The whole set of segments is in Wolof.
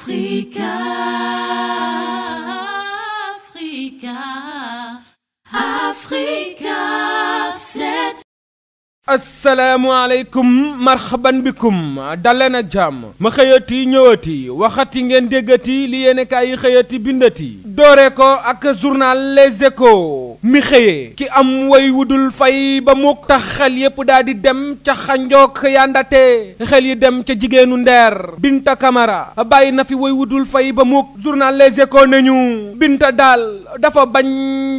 Africa, Africa, Africa 7. asalaamaaleykum marhaban bikum daleen ak jàmm ma xëyati ñëwati waxati ngeen déggati li yéen kaay yi xëyati bindati. dooree ko ak journal Les Échos mi xëyee ki am way wudul fay ba mukk tax xel yépp daal di dem ca xanjook yandate xel yi dem ca jigéenu ndeer Binta kamara bàyyi na fi woy wudul fay ba mukk journal Les Échos nañu Binta daal dafa bañ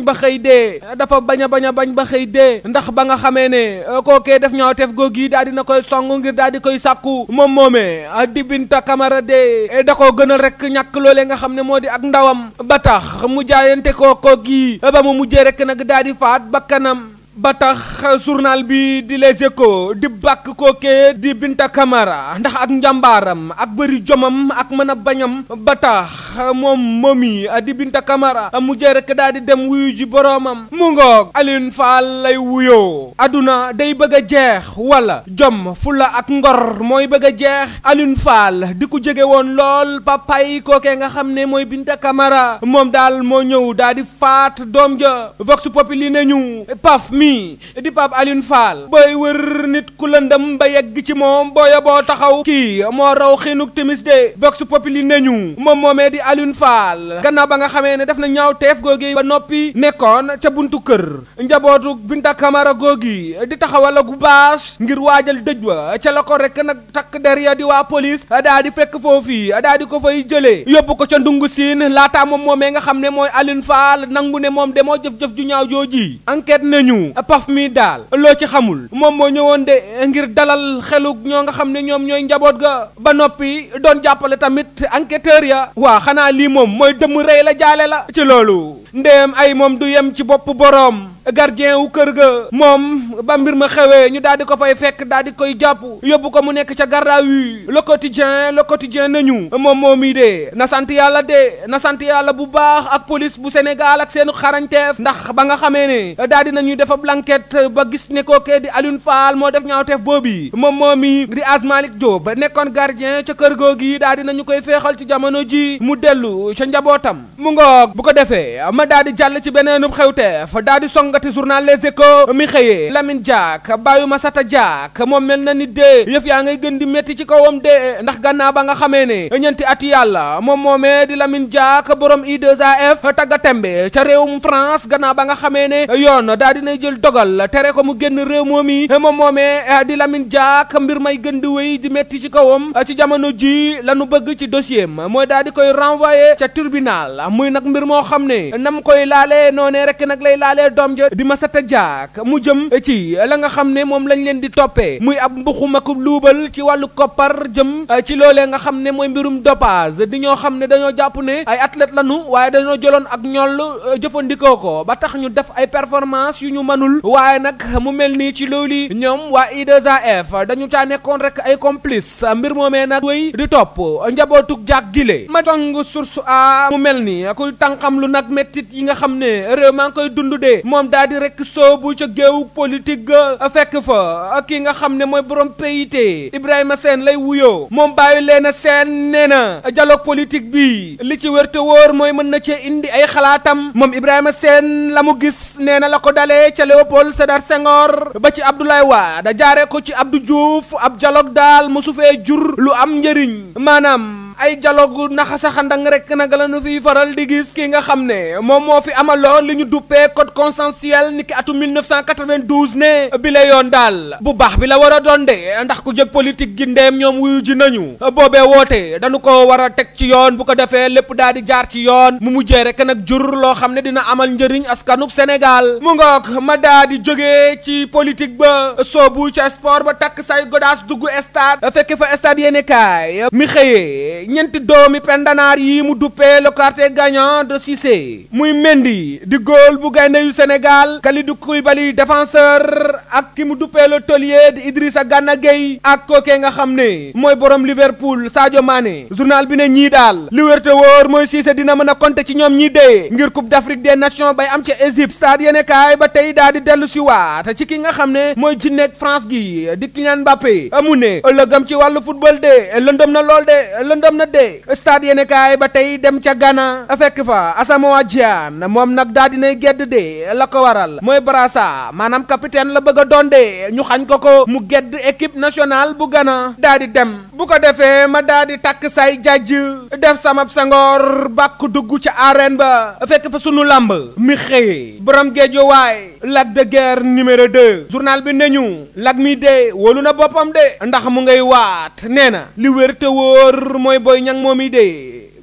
ba xëy de dafa bañ a bañ a bañ ba xëy dee ndax ba nga xamee ne kookee def ñaawteef googi daal di na koy song ngir daal di koy sàkku moom moomee di Binta Camara dee da ko gënal rek ñàkk loolee nga xam ne moo di ak ndawam tax mu jaayante kookoo gi ba mu mujjee rek nag daal di faat bakkanam ba tax journal bi di Les Échos di bakk ko kookee di Binta kamara ndax ak njàmbaaram ak bëri jomam ak mën a bañam ba tax moom momi di Binta Camara mujjee rek daal di dem wuyu ji boroomam mu ngoog Alioune Fall lay wuyoo aduna day bëgg a jeex wala jom fula ak ngor mooy bëgg a jeex Alioune Fall di ko jege woon lool papay kookee nga xam ne mooy Binta Camara moom daal moo ñëw daal di faat doom ja vox populi nañu paf mi di Pape Alioune booy wër nit ku lëndëm ba yegg ci moom booya boo taxaw kii moo raw xinuk timis de vox populi nañu moom moomee di Alioune Fall gannaaw ba nga xamee ne def na ñaaw teef googi ba noppi nekkoon ca buntu kër njabootu Binta Camara googi di taxawala gu baas ngir waajal dëj wa ca la ko rek nag takk der ya di waa police daa di fekk foofu daa di ko fay jëlee yóbbu ko ca dung siin laataa moom moomee nga xam ne mooy Alioune Fall nangu ne moom demoo jëf-jëf ju ñaaw jooji enquête nañu paf mii daal loo ci xamul moom moo ñëwoon de ngir dalal xelug ñoo nga xam ne ñoom ñooy njaboot ga ba noppi doon jàppale tamit enquêteur ya waa xanaa lii moom mooy dëmm rey la jaale la ci loolu ndéem ay moom du yem ci boppu boroom gardien wu kër ga moom ba mbir ma xewee ñu daal di ko fay fekk daal di koy jàpp yóbbu ko mu nekk ca garda wi le quotidien le quotidien nañu moom moom yi dee na sant yàlla de na sant yàlla bu baax ak police bu Sénégal ak seenu xarañteef ndax ba nga xamee ne daal di nañu defa blanquette ba gis ne kookee di Alioune Fall moo def ñaawteef yi moom moom yi di Asmalik Diop nekkoon gardien ca kër googi daal di nañu koy feexal ci jamono ji mu dellu ca njabootam mu ko defee ma daal di ci beneenub jongati journal Les Échos mi xëyee Lamine Diack bàyyu Massata Diack moom mel na nit dee yëf yaa ngay gën di métti ci kawam de ndax gannaaw ba nga xamee ne ñeenti at yàlla moom moomee di Lamine Diack borom i de af tagga tembe ca réewum France gannaaw ba nga xamee ne yoon daa dinay jël dogal tere ko mu génn réew moom yi moom moomee eh, di Lamine Diack mbir may gën di wéy di metti ci kawam eh, ci jamono ji lanu bëgg ci dossier am mooy daal di koy renvoyer ca tribunal muy nag mbir moo xam ne nam koy laalee jooja di Massata Diack mu jëm ci la nga xam ne moom lañ leen di toppee muy ab mbuxum ak luubal ci wàllu koppar jëm eh, ci loolee nga xam ne mooy mbirum dopage di ñoo xam ne dañoo jàpp ne ay athlète lañu waaye dañoo joloon ak ñoll eh, jëfandikoo ko ba tax ñu def ay performance yu ñu manul waaye nag mu mel nii ci loolu ñoom waa i 2 dañu caa nekkoon rek ay complice mbir moomee nag wéy di topp njabootug Diack gile ma tàng source a mu mel ni kuy tànqam lu nag mettit yi nga xam ne daal di soobu ca géewu politique ga fekk fa ki nga xam ne mooy borom PIT Ibrahima Sène lay wuyoo moom bàyyi leen a seen nee na dialogue politique bi li ci wér te wóor mooy mën na cee indi ay xalaatam moom Ibrahima Sène la mu gis nee na la ko dale ca Léopold Sédar Senghor ba ci waa da jaaree ko ci Abdou Diouf ab dialogue daal mosu fee jur lu am njëriñ maanaam. ay dialogue naxasaxandang rek nag la nu fiy faral di gis ki nga xam ne moom moo fi amaloon li ñu duppee code consensuel ni ki atum 1992 ne bi la yoon daal bu baax bi la war doon de ndax ku jëg politique gi ndeem ñoom wuyu ji nañu boobee woote dañu ko war a teg ci yoon bu ko defee lépp daal di jaar ci yoon mu mujjee rek nag jur loo xam ne dina amal njëriñ askanuk Sénégal mu ngoog ma daa di jógee ci politique ba soobu ca sport ba takk say godaas dugg stade fekk fa stade yéene kaay mi xëyee ñeenti doomi pendanaar yi mu duppee le quartier gagnant de Cissé muy Mendy di góol bu gaynde yu Sénégal Kalidou Koulibaly défenseur ak ki mu duppee le taulier di Idrissa Gana Gueye ak kookee nga xam ne mooy borom Liverpool Sadio Mané journal bi ne ñii daal li wér te wóor mooy Cissé dina mën a compter ci ñoom ñii dee ngir Coupe d'Afrique des Nations bay am ca Égypte stade yene ba tey daal di dellu si waat ci ki nga xam ne mooy ji nekk France gi di Kylian Mbappé amu ne dem na stade yéene ba tey dem ca Ghana fekk fa Asamoah Gyan moom nag daa dinay gedd de la ko waral mooy Barassa maanaam capitaine la bëgg a doon de ñu xañ ko ko mu gedd équipe nationale bu gana daa di dem bu ko defee ma daa di takk say jajj def samab sangoor bàkk dugg ca arène ba fekk fa sunu làmb mi xëye borom géejo waay Lac de Guiers numéro 2 journal bi ne ñu Lac mi de wóolu na boppam de ndax mu ngay waat nee na li wér te wóor mooy Boy Niang moom yi de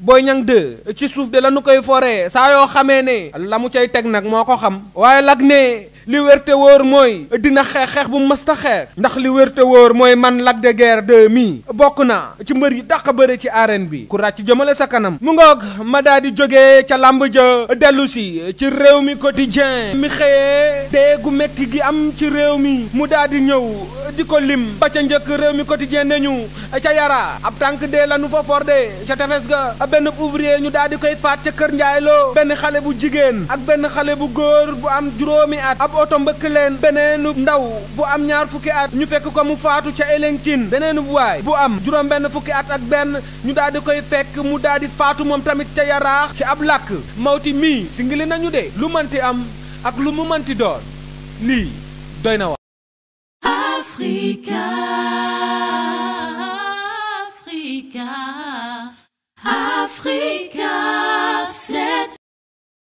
booy ñan 2 ci suuf de la nu koy foree saa yoo xamee ne la mu cay teg nag moo ko xam waaye lag ne li wér te wóor mooy dina xeex xeex bu mësta xeex ndax li wér te wóor mooy man Lac de mi bokk naa ci mbër yi daq bëre ci arène bi ku ràcc jëmale sa kanam mu nga ngoog ma daa di jógee ca làmb ja dellu si ci réew mi quotidien mi xëyee dee gu metti gi am ci réew mi mu daa di ñëw di ko lim ba ca njëkk réew mi quotidien nañu ca yara ab tànk de lanu fa forde ca tefes ga benn ouvrier ñu daal di koy faat ca kër njaayloo benn xale bu jigéen ak benn xale bu góor bu am juróomi oto mbëkk leen beneenub ndaw bu am ñaar fukki at ñu fekk ko mu faatu ca Elenkin beneenub waay bu am juróom benn fukki at ak benn ñu daal di koy fekk mu daal di faatu moom tamit ca yaraax ci ab làkk mawti mii li nañu de lu mënti am ak lu mu mënti doon lii doy na wax